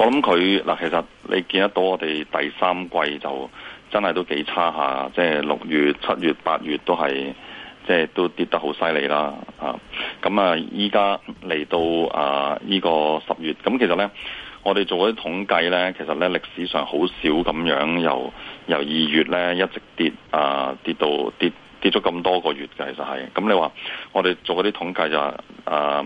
我諗佢嗱，其實你見得到我哋第三季就真係都幾差下，即係六月、七月、八月都係，即係都跌得好犀利啦。啊，咁啊，依家嚟到啊呢個十月，咁其實咧，我哋做嗰啲統計咧，其實咧歷史上好少咁樣由由二月咧一直跌啊跌到跌跌咗咁多個月嘅，其實係。咁你話我哋做嗰啲統計就係、啊？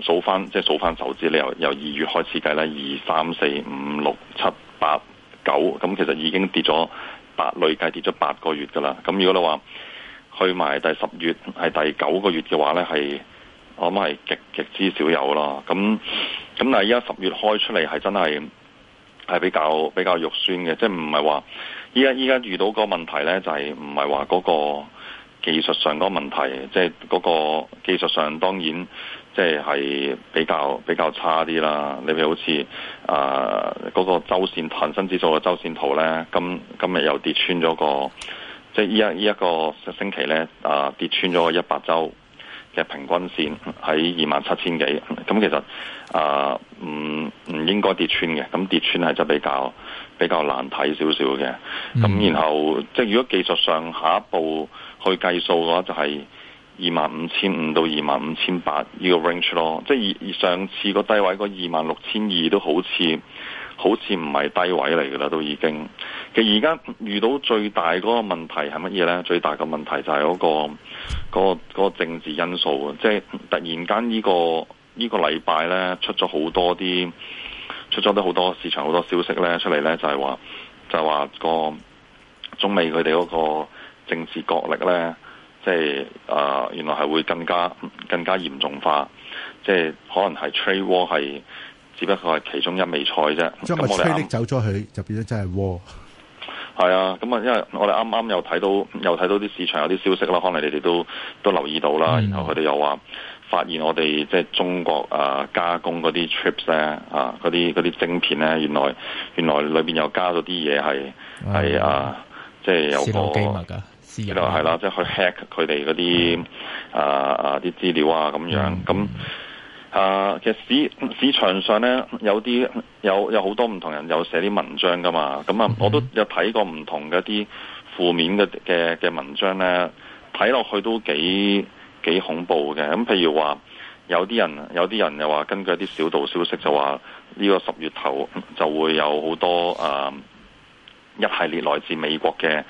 數翻，即係數翻手指，你由由二月開始計咧，二三四五六七八九，咁其實已經跌咗八累計跌咗八個月噶啦。咁如果你話去埋第十月係第九個月嘅話咧，係我諗係極極之少有啦。咁咁但係依家十月開出嚟係真係係比較比較肉酸嘅，即係唔係話依家依家遇到個問題咧，就係唔係話嗰個技術上嗰個問題，即係嗰個技術上當然。即係比較比較差啲啦，你譬如好似啊嗰個周線恆生指數嘅周線圖咧，今今日又跌穿咗個，即係依一依一個星期咧啊、呃、跌穿咗個一百周嘅平均線喺二萬七千幾，咁、嗯、其實啊唔唔應該跌穿嘅，咁跌穿係就比較比較難睇少少嘅。咁、嗯、然後即係如果技術上下一步去計數嘅話、就是，就係。二萬五千五到二萬五千八呢個 range 咯，即係上上次個低位個二萬六千二都好似好似唔係低位嚟噶啦，都已經。其實而家遇到最大嗰個問題係乜嘢呢？最大嘅問題就係嗰個、嗰個、嗰個、嗰個政治因素啊！即係突然間呢、呢個呢、呢個禮拜呢，出咗好多啲出咗好多市場好多消息呢，出嚟呢就係、係、話就係、係、話個中美佢哋嗰個政治角力呢。即係啊、呃，原來係會更加更加嚴重化，即係可能係 trade war 係只不過係其中一味菜啫。咁是我哋走咗去，就變咗真係 war。係啊，咁啊，因為我哋啱啱又睇到又睇到啲市場有啲消息啦，可能你哋都都留意到啦。嗯、然後佢哋又話發現我哋即係中國啊、呃、加工嗰啲 chips 咧啊嗰、呃、啲嗰啲晶片咧，原來原來裏邊又加咗啲嘢係係啊，即係有個。知道係啦，即係去 hack 佢哋嗰啲啊啊啲資料啊咁樣咁啊，其實市市場上呢，有啲有有好多唔同人有寫啲文章噶嘛，咁啊、嗯、我都有睇過唔同嘅一啲負面嘅嘅嘅文章呢，睇落去都幾幾恐怖嘅。咁譬如話有啲人有啲人又話根據一啲小道消息就話呢個十月頭就會有好多啊、呃、一系列來自美國嘅。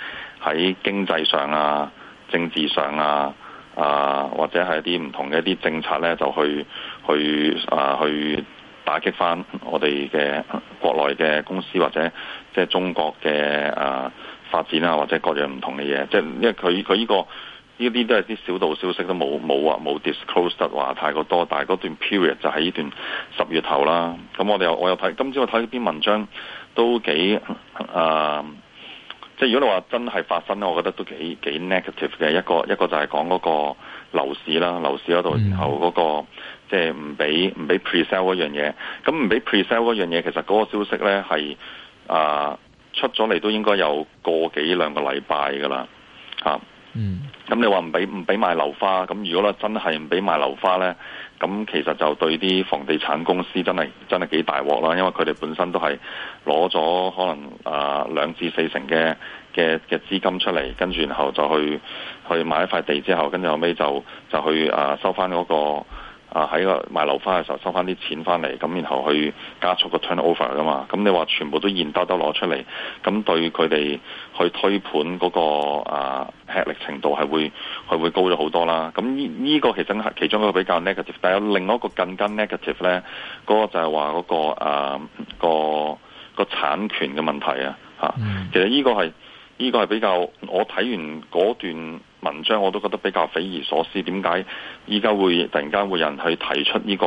喺經濟上啊、政治上啊啊、呃，或者係啲唔同嘅一啲政策咧，就去去啊、呃、去打擊翻我哋嘅國內嘅公司，或者即係中國嘅啊、呃、發展啊，或者各樣唔同嘅嘢。即係因為佢佢依個呢啲都係啲小道消息，都冇冇話冇 disclose 得話太過多。但係嗰段 period 就喺呢段十月頭啦。咁我哋又我又睇今朝我睇呢篇文章，都幾啊。呃即係如果你話真係發生咧，我覺得都幾幾 negative 嘅一個一個就係講嗰個樓市啦，樓市嗰度，嗯、然後嗰個即係唔俾唔俾 pre-sale 嗰樣嘢，咁唔俾 pre-sale 嗰樣嘢，其實嗰個消息咧係啊出咗嚟都應該有個幾兩個禮拜噶啦，嚇、啊。嗯，咁你話唔俾唔俾賣樓花，咁如果咧真係唔俾賣樓花咧，咁其實就對啲房地產公司真係真係幾大鑊啦，因為佢哋本身都係攞咗可能啊、呃、兩至四成嘅嘅嘅資金出嚟，跟住然後就去去買一塊地之後，跟住後屘就就去啊、呃、收翻嗰個。啊！喺個賣樓花嘅時候收翻啲錢翻嚟，咁然後去加速個 turnover 噶嘛。咁你話全部都現兜兜攞出嚟，咁對佢哋去推盤嗰個啊吃力程度係會係會高咗好多啦。咁呢呢個其實係其中一個比較 negative，但有另外一個更加 negative 咧，嗰個就係話嗰個啊個個產權嘅問題啊嚇。Mm. 其實呢個係。呢個係比較我睇完段文章我都覺得比較匪夷所思。點解依家會突然間會有人去提出呢個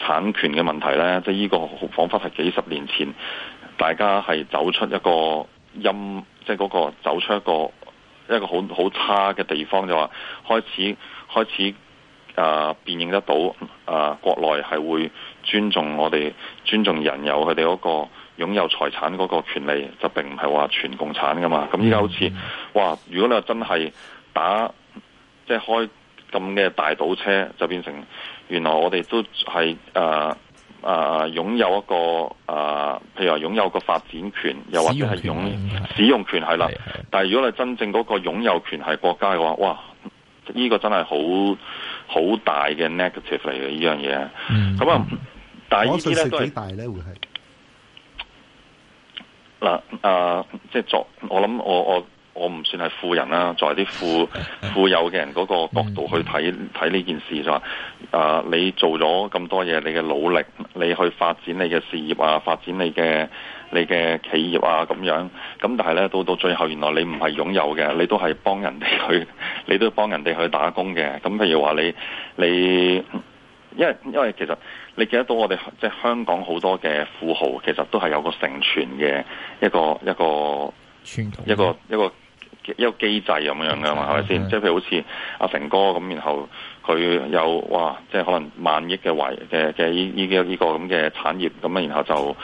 產權嘅問題咧？即係呢個仿佛係幾十年前大家係走出一個陰，即係嗰個走出一個一個好好差嘅地方，就話開始開始誒、呃、辨認得到誒、呃、國內係會尊重我哋尊重人有佢哋嗰個。擁有財產嗰個權利，就並唔係話全共產噶嘛。咁依家好似哇、嗯，如果你話真係打即係開咁嘅大倒車，就變成原來我哋都係誒誒擁有一個誒、呃，譬如話擁有一個發展權，又或者係用使用權係啦。但係如果你真正嗰個擁有權係國家嘅話，哇，呢、這個真係好好大嘅 negative 嚟嘅，呢樣嘢。咁啊，但係呢啲咧都係大咧會係。嗱，誒、啊，即係作，我諗我我我唔算係富人啦，作為啲富 富有嘅人嗰個角度去睇睇呢件事就話，誒、啊，你做咗咁多嘢，你嘅努力，你去發展你嘅事業啊，發展你嘅你嘅企業啊，咁樣，咁但係咧，到到最後，原來你唔係擁有嘅，你都係幫人哋去，你都幫人哋去打工嘅，咁譬如話你你，因為因為其實。你見得到我哋即係香港好多嘅富豪，其實都係有個承傳嘅一個一個一個一個一個機制咁樣嘅，係咪先？吧即係譬如好似阿成哥咁，然後佢有哇，即係可能萬億嘅圍嘅嘅依依個依、這個咁嘅、這個這個、產業，咁啊，然後就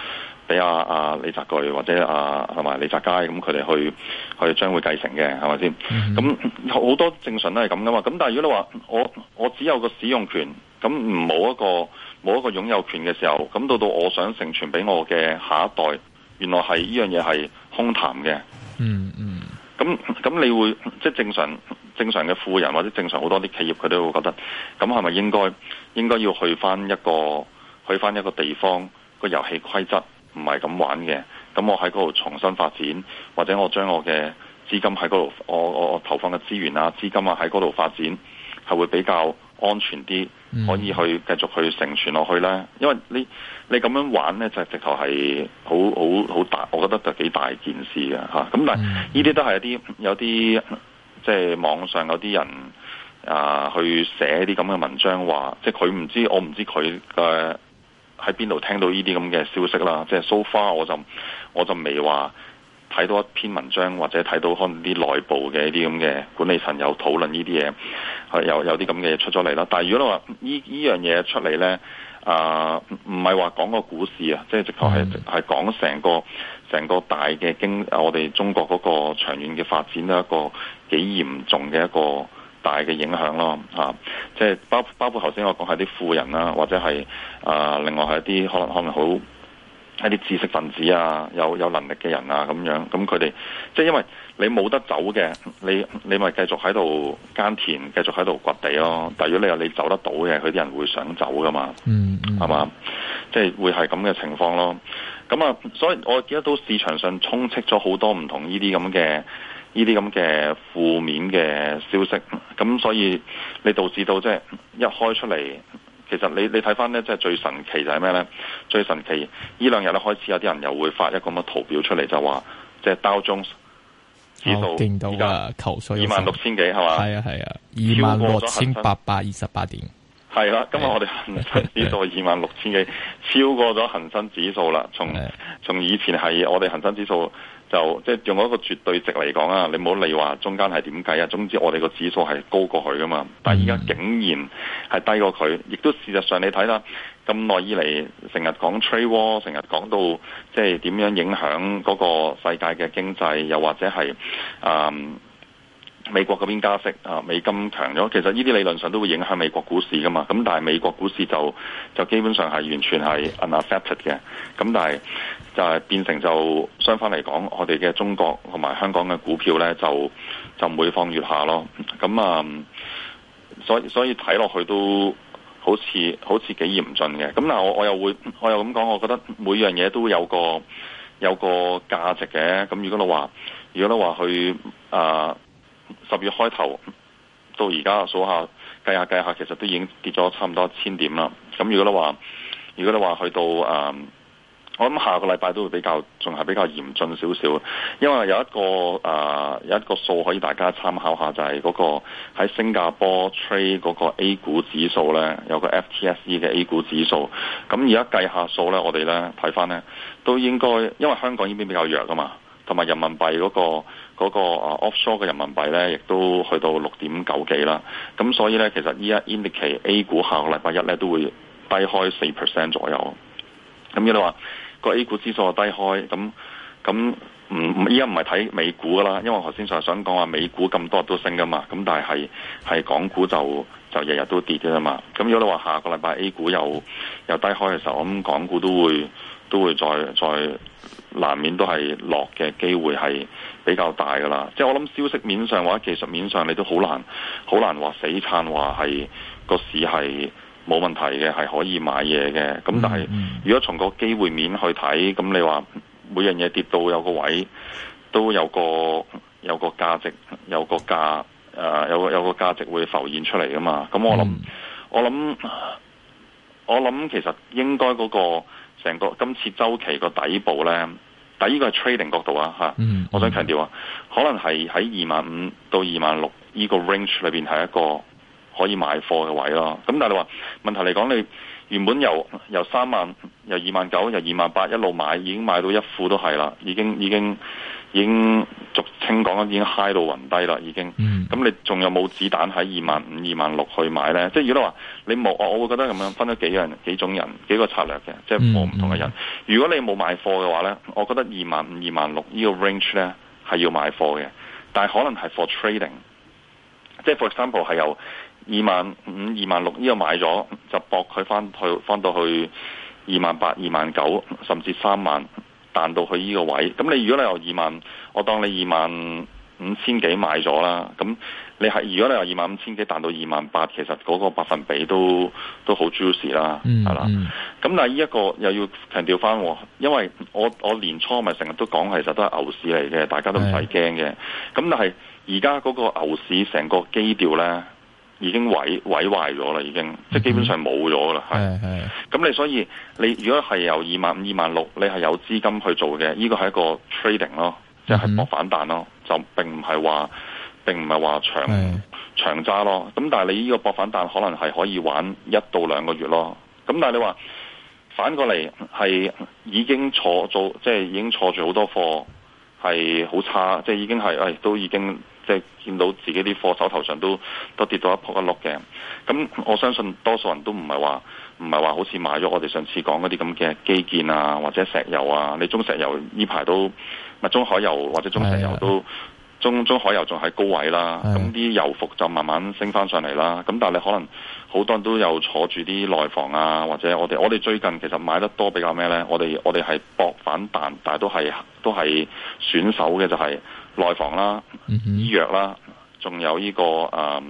俾阿阿李澤鉅或者阿同埋李澤楷咁佢哋去去將會繼承嘅，係咪先？咁好、嗯、哼多正常都係咁噶嘛。咁但係如果你話我我,我只有個使,使用權,權，咁唔冇一個。冇一個擁有權嘅時候，咁到到我想成全俾我嘅下一代，原來係呢樣嘢係空談嘅。嗯嗯。咁咁，你會即係正常正常嘅富人或者正常好多啲企業，佢都會覺得，咁係咪應該應該要去翻一個去翻一個地方個遊戲規則唔係咁玩嘅？咁我喺嗰度重新發展，或者我將我嘅資金喺嗰度，我我投放嘅資源啊、資金啊喺嗰度發展，係會比較。安全啲，可以去繼續去承傳落去啦。因為你你咁樣玩呢就直頭係好好好大，我覺得就幾大件事嘅嚇。咁、啊、但係呢啲都係一啲有啲即係網上有啲人啊，去寫啲咁嘅文章，話即係佢唔知，我唔知佢誒喺邊度聽到呢啲咁嘅消息啦。即係、so far，我就我就未話。睇到一篇文章，或者睇到可能啲內部嘅一啲咁嘅管理層有討論呢啲嘢，係又有啲咁嘅嘢出咗嚟啦。但係如果你話呢呢樣嘢出嚟咧，啊唔唔係話講個股市啊，即係直頭係係講成個成個大嘅經，我哋中國嗰個長遠嘅發展一個幾嚴重嘅一個大嘅影響咯，嚇！即係包包括頭先我講係啲富人啊，或者係啊、呃、另外係一啲可能可能好。一啲知識分子啊，有有能力嘅人啊，咁樣咁佢哋，即係因為你冇得走嘅，你你咪繼續喺度耕田，繼續喺度掘地咯。但如果你話你走得到嘅，佢啲人會想走噶嘛，係嘛、嗯嗯？即係會係咁嘅情況咯。咁啊，所以我記得到市場上充斥咗好多唔同呢啲咁嘅呢啲咁嘅負面嘅消息，咁所以你導致到即係一開出嚟。其實你你睇翻咧，即係最神奇就係咩咧？最神奇呢兩日咧開始有啲人又會發一個咁嘅圖表出嚟，就話即係 Dow Jones 收跌到嘅求水，二萬六千幾係嘛？係啊係啊，二萬六千八百二十八點。係啦，今日我哋恒生指數二萬六千幾，超過咗恒生指數啦。從從以前係我哋恒生指數就即係、就係、用一個絕對值嚟講啊。你冇理話中間係點計啊。總之我哋個指數係高過佢噶嘛，但係而家竟然係低過佢，亦都事實上你睇啦，咁耐以嚟成日講 trade war，成日講到即係點樣影響嗰個世界嘅經濟，又或者係啊。嗯美國嗰邊加息啊，美金強咗，其實呢啲理論上都會影響美國股市噶嘛。咁但係美國股市就就基本上係完全係 unaffected 嘅。咁但係就係變成就相反嚟講，我哋嘅中國同埋香港嘅股票呢，就就每況愈下咯。咁啊、嗯，所以所以睇落去都好似好似幾嚴峻嘅。咁嗱，但我我又會我又咁講，我覺得每樣嘢都有個有個價值嘅。咁如果你話，如果你話去啊～、呃十月開頭到而家數下計下計下計下，其實都已經跌咗差唔多一千點啦。咁如果你話如果你話去到誒、呃，我諗下個禮拜都會比較仲係比較嚴峻少少，因為有一個誒、呃、有一個數可以大家參考下，就係、是、嗰個喺新加坡 trade 嗰個 A 股指數咧，有個 FTSE 嘅 A 股指數。咁而家計下數咧，我哋咧睇返咧，都應該因為香港呢邊比較弱㗎嘛，同埋人民幣嗰、那個。嗰個啊 offshore 嘅人民幣咧，亦都去到六點九幾啦。咁所以咧，其實依家 indicate A 股下個禮拜一咧都會低開四 percent 左右。咁如果你話個 A 股指數低開，咁咁唔唔，依家唔係睇美股噶啦，因為頭先就係想講話美股咁多日都升噶嘛。咁但係係港股就就日日都跌噶啦嘛。咁如果你話下個禮拜 A 股又又低開嘅時候，咁港股都會都會再再。難免都係落嘅機會係比較大㗎喇，即係我諗消息面上或者技術面上，你都好難好難話死撐話係個市係冇問題嘅，係可以買嘢嘅。咁但係如果從個機會面去睇，咁你話每樣嘢跌到有個位，都有個有個價值，有個價誒、呃，有個有個價值會浮現出嚟㗎嘛？咁我諗、嗯、我諗。我諗其實應該嗰、那個成個今次周期個底部呢，第一個係 trading 角度啊，吓、嗯，我想強調啊，嗯、可能係喺二萬五到二萬六呢個 range 裏邊係一個可以買貨嘅位咯。咁但係你話問題嚟講你。原本由由三萬由二萬九由二萬八一路買，已經買到一副都係啦，已經已經已經俗稱講已經 high 到暈低啦，已經。咁、嗯、你仲有冇子彈喺二萬五、二萬六去買呢？即係如果你話你冇，我我會覺得咁樣分咗幾個人、幾種人、幾個策略嘅，即係冇唔同嘅人。嗯嗯、如果你冇買貨嘅話呢，我覺得二萬五、二萬六呢個 range 呢，係要買貨嘅，但係可能係 for trading，即係 for example 係由。二萬五、二萬六呢個買咗，就搏佢翻去翻到去二萬八、二萬九，甚至三萬彈到去呢個位。咁你如果你由二萬，我當你二萬五千幾買咗啦，咁你係如果你由二萬五千幾彈到二萬八，其實嗰個百分比都都好 juicy 啦，係啦、mm。咁、hmm。但係呢一個又要強調翻，因為我我年初咪成日都講其實都係牛市嚟嘅，大家都唔使驚嘅。咁、mm hmm. 但係而家嗰個牛市成個基調呢。已經毀毀壞咗啦，已經即係基本上冇咗啦，係、嗯哼。咁是你所以你如果係由二萬五二萬六，你係有資金去做嘅，呢、這個係一個 trading 咯，即係博反彈咯，就並唔係話並唔係話長是長揸咯。咁但係你呢個博反彈可能係可以玩一到兩個月咯。咁但係你話反過嚟係已經坐做，即係已經坐住好多貨，係好差，即係已經係誒、哎、都已經。即係見到自己啲貨手頭上都都跌到一仆一碌嘅，咁我相信多數人都唔係話唔係話好似買咗我哋上次講嗰啲咁嘅基建啊，或者石油啊你中石油呢排都，中海油或者中石油都，的中中海油仲喺高位啦。咁啲的油服就慢慢升返上嚟啦。咁但係你可能好多人都有坐住啲內房啊，或者我哋我哋最近其實買得多比較咩呢？我哋我哋係搏反彈，但係都係都係選手嘅就係、是。內房啦，醫藥啦，仲有呢、這個、嗯、有啊，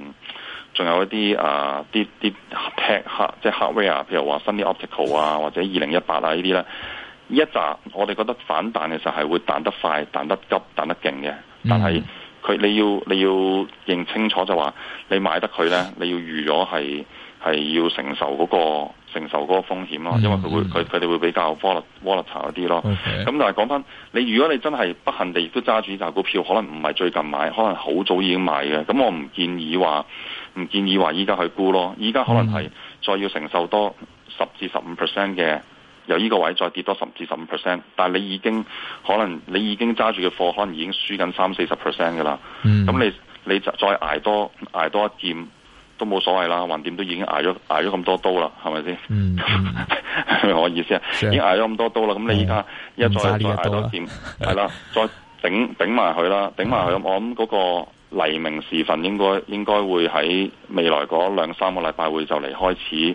仲有一啲啊，啲啲 pack，即係 hardware 啊，譬如話 Sunny Optical 啊，或者二零一八啊呢啲咧，呢一集我哋覺得反彈嘅時候係會彈得快、彈得急、彈得勁嘅，但係佢你要你要認清楚就話，你買得佢咧，你要預咗係係要承受嗰、那個。承受嗰個風險咯，因為佢會佢佢哋會比較 volatile 啲咯。咁 Okay. 但係講翻，你如果你真係不幸地亦都揸住呢隻股票，可能唔係最近買，可能好早已經買嘅。咁我唔建議話，唔建議話依家去沽咯。依家可能係、嗯、再要承受多十至十五 percent 嘅，由呢個位再跌多十至十五 percent，但係你已經可能你已經揸住嘅貨可能已經輸緊三四十 percent 嘅啦。咁、嗯、你你就再捱多捱多一劍。都冇所謂啦，橫掂都已經挨咗挨咗咁多刀啦，係咪先？嗯， 係咪我意思啊，的已經挨咗咁多刀啦，咁你依家一再、嗯、再挨多添，係啦，再頂頂埋佢啦，頂埋佢，我諗嗰個黎明時分應該應該會喺未來嗰兩三個禮拜會就嚟開始。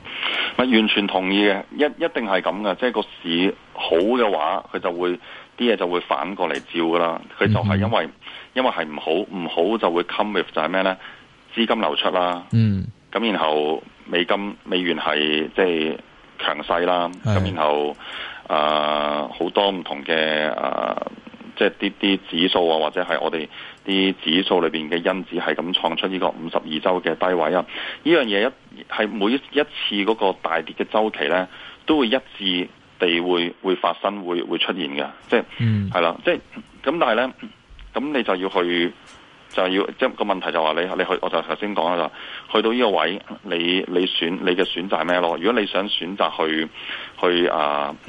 咪完全同意嘅，一一定係咁嘅，即係個市好嘅話，佢就會啲嘢就會反過嚟照噶啦。佢就係因為因為係唔好，唔好就會 come with 就係咩呢？資金流出啦，嗯，咁然後美金美元係即係強勢啦，咁是的 然後啊，呃，好多唔同嘅啊。呃即係啲啲指數啊，或者係我哋啲指數裏邊嘅因子，係咁創出呢個五十二周嘅低位啊！呢樣嘢一係每一次嗰個大跌嘅周期咧，都會一致地會會發生會會出現嘅，即係，嗯，係啦，即係咁。但係咧，咁你就要去就要即係個問題就話你你去，我就頭先講啦，就去到呢個位，你你選你嘅選擇係咩咯？如果你想選擇去去啊～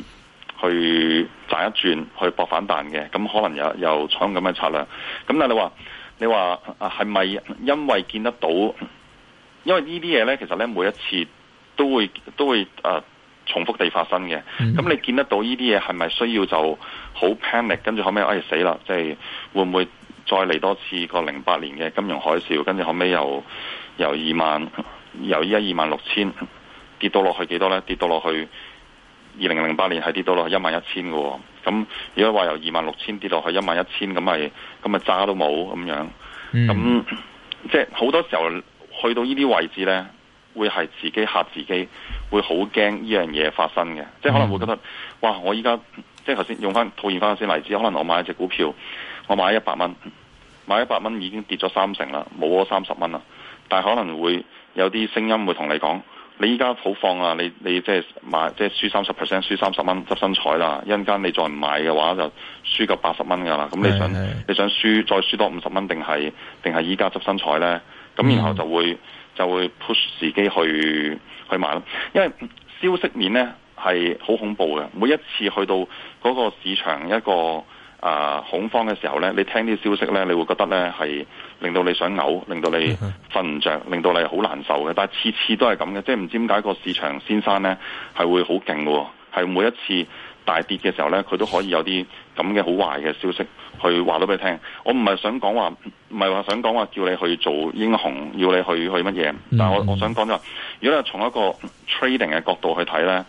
去賺一轉，去搏反彈嘅，咁可能又又採用咁嘅策略。咁但係你話，你話係咪因為見得到？因為呢啲嘢呢，其實呢每一次都會都會誒、呃、重複地發生嘅。咁、嗯、你見得到呢啲嘢係咪需要就好 panic？跟住後尾，哎死啦！即係會唔會再嚟多次個零八年嘅金融海嘯？跟住後尾又由二萬，由依家二萬六千跌到落去幾多呢？跌到落去。二零零八年係跌到落一萬一千嘅，咁、哦、如果話由二萬六千跌落去一萬一千，咁咪咁咪渣都冇咁樣，咁、嗯、即係好多時候去到呢啲位置呢，會係自己吓自己，會好驚呢樣嘢發生嘅，即係可能會覺得，嗯、哇！我依家即係頭先用翻套現翻先例子，可能我買一隻股票，我買一百蚊，買一百蚊已經跌咗三成啦，冇三十蚊啦，但係可能會有啲聲音會同你講。你依家好放啊！你你即係買，即係輸三十 percent，輸三十蚊執新彩啦。一陣間你再唔買嘅話，就輸夠八十蚊㗎喇。咁你想是是你想輸再輸多五十蚊定係定係依家執新彩咧？咁然後就會就會 push 自己去去買咯。因為消息面咧係好恐怖嘅，每一次去到嗰個市場一個啊、呃、恐慌嘅時候咧，你聽啲消息咧，你會覺得咧係。令到你想嘔，令到你瞓唔着，令到你好難受嘅。但係次次都係咁嘅，即係唔知點解個市場先生咧係會好勁喎，係每一次大跌嘅時候咧，佢都可以有啲咁嘅好壞嘅消息去話到俾你聽。我唔係想講話，唔係話想講話叫你去做英雄，要你去去乜嘢。但係我我想講咗，就話，如果係從一個 trading 嘅角度去睇咧，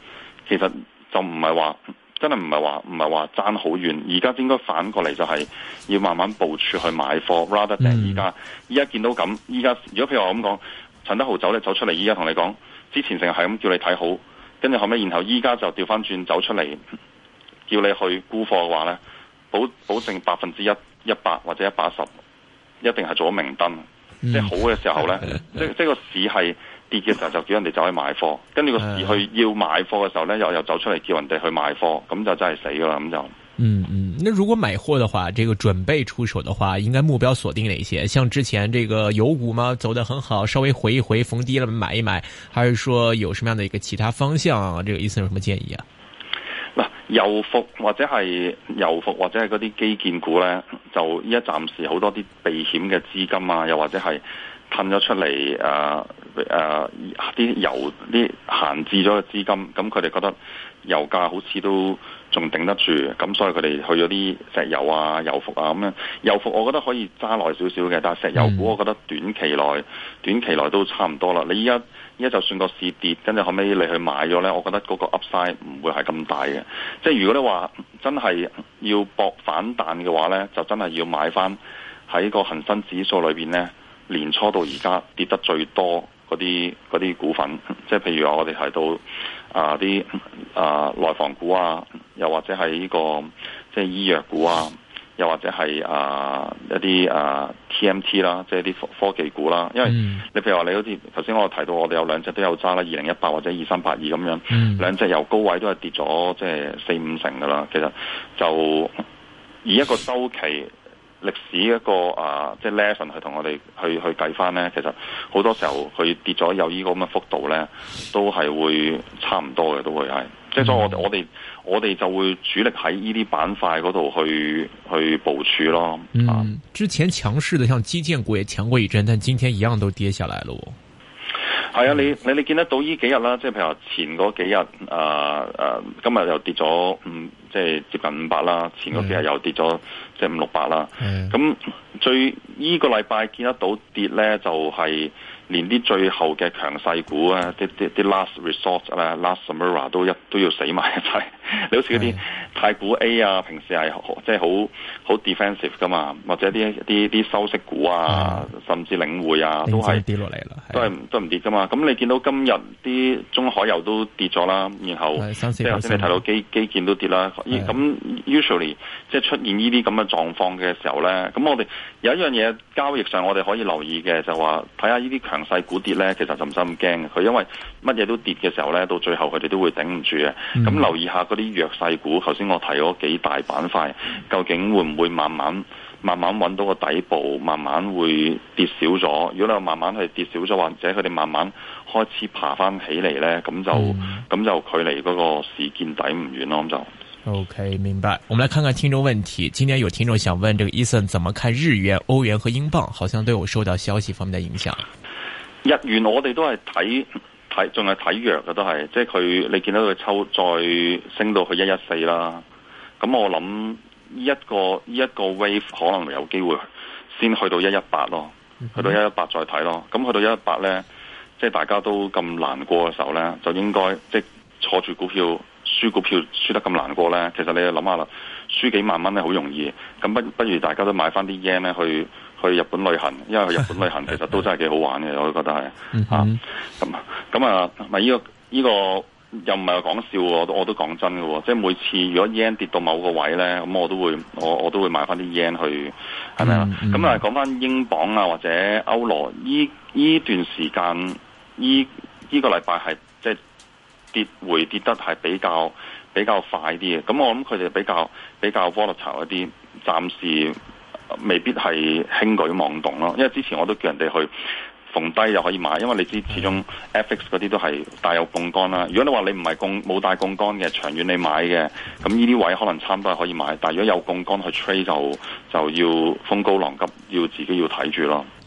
其實就唔係話。真係唔係話唔係話爭好遠，而家應該反過嚟就係要慢慢部署去買貨，rather than 依家。依家見到咁，依家如果譬如我咁講，陳德豪走咧走出嚟，依家同你講，之前成日係咁叫你睇好，跟住後尾，然後依家就調翻轉走出嚟，叫你去沽貨嘅話咧，保保證百分之一、一百或者一百十，一定係做咗明燈。嗯、即係好嘅時候咧，即即個市係。跌嘅時候就叫人哋走去買貨，跟住個去要買貨嘅時候咧，又又走出嚟叫人哋去賣貨，咁就真係死噶啦咁就。嗯嗯，如果買貨嘅話，這個準備出手的話，應該目標鎖定哪些？像之前這個油股嘛，走得很好，稍微回一回逢低啦買一買，還是說有什麼樣的一個其他方向？這個意思有什麼建議啊？嗱，油服或者係油服或者係嗰啲基建股呢，就依家暫時好多啲避險嘅資金啊，又或者係。噴咗出嚟，誒誒啲油啲閒置咗嘅資金，咁佢哋覺得油價好似都仲頂得住，咁所以佢哋去咗啲石油啊、油服啊咁樣。油服我覺得可以揸耐少少嘅，但係石油股我覺得短期內短期內都差唔多啦。你依家依家就算個市跌，跟住後尾你去買咗呢，我覺得嗰個 Upside 唔會係咁大嘅。即係如果你話真係要搏反彈嘅話呢，就真係要買翻喺個恒生指數裏邊呢，年初到而家跌得最多嗰啲啲股份，即係譬如話我哋提到啊啲啊內房股啊，又或者係呢、這個即係醫藥股啊，又或者係啊一啲啊 TMT 啦，即係啲科科技股啦。因為你譬如話你好似頭先我提到，我哋有兩隻都有揸啦，二零一八或者二三八二咁樣，兩隻、嗯、由高位都係跌咗即係四五成噶啦。其實就以一個周期。歷史一個啊，即係 lesson 去同我哋去去計翻咧，其實好多時候佢跌咗有依個咁嘅幅度咧，都係會差唔多嘅，都會係。即係所以我、嗯、我哋我哋就會主力喺依啲板塊嗰度去去部署咯。嗯，之前強勢嘅，像基建股也強過一陣，但係今天一樣都跌下來了。哦、嗯，係啊，你你你見得到呢幾日啦？即係譬如話前嗰幾日，誒、呃、誒、呃，今日又跌咗嗯。即係接近五百啦，前嗰幾日又跌咗即係五六百啦。咁最依個禮拜見得到跌咧，就係連啲最後嘅強勢股啊，啲啲 last resort 啊，last samurai 都一都要死埋一齊。你好似嗰啲太古 A 啊，平時係即係好好 defensive 噶嘛，或者啲啲啲收息股啊，甚至領匯啊，都係跌落嚟啦，都係都唔跌噶嘛。咁你見到今日啲中海油都跌咗啦，然後即係頭先你睇到基基建都跌啦。咁 Yeah. usually 即係出現呢啲咁嘅狀況嘅時候呢，咁我哋有一樣嘢交易上我哋可以留意嘅，就話睇下呢啲強勢股跌呢，其實就唔使咁驚。佢因為乜嘢都跌嘅時候呢，到最後佢哋都會頂唔住嘅。咁、mm. 留意下嗰啲弱勢股，頭先我睇嗰幾大板塊，mm. 究竟會唔會慢慢慢慢揾到個底部，慢慢會跌少咗。如果你話慢慢係跌少咗，或者佢哋慢慢開始爬翻起嚟呢，咁就咁、mm. 就距離嗰個市見底唔遠咯，咁就。OK，明白。我們來看看聽眾問題。今天有聽眾想問，這個 Eason 怎麼看日元、歐元和英鎊？好像都有受到消息方面的影響。日元我哋都係睇睇，仲係睇弱嘅都係，即係佢你見到佢抽再升到去一一四啦。咁我諗一個一個 wave 可能有機會先去到一一八咯，mm hmm. 去到一一八再睇咯。咁去到一一八呢，即係大家都咁難過嘅時候呢，就應該即坐住股票。輸股票輸得咁難過咧，其實你諗下啦，輸幾萬蚊咧好容易，咁不不如大家都買翻啲 yen 咧去去日本旅行，因為去日本旅行其實都真係幾好玩嘅，我都覺得係，吓咁咁啊咪呢個依個又唔係話講笑，我我都講真嘅，即係每次如果 yen 跌到某個位咧，咁我都會我我都會買翻啲 yen 去，係咪啊？咁啊講翻英鎊啊或者歐羅，依依段時間依依個禮拜係即係。跌回跌得係比較比較快啲嘅，咁我諗佢哋比較比較 volatile 一啲，暫時未必係輕舉妄動咯。因為之前我都叫人哋去逢低就可以買，因為你知始終 FX 嗰啲都係帶有槓桿啦。如果你話你唔係槓冇帶槓桿嘅，長遠你買嘅，咁呢啲位可能差唔多係可以買。但係如果有槓桿去 trade，就就要風高浪急，要自己要睇住咯。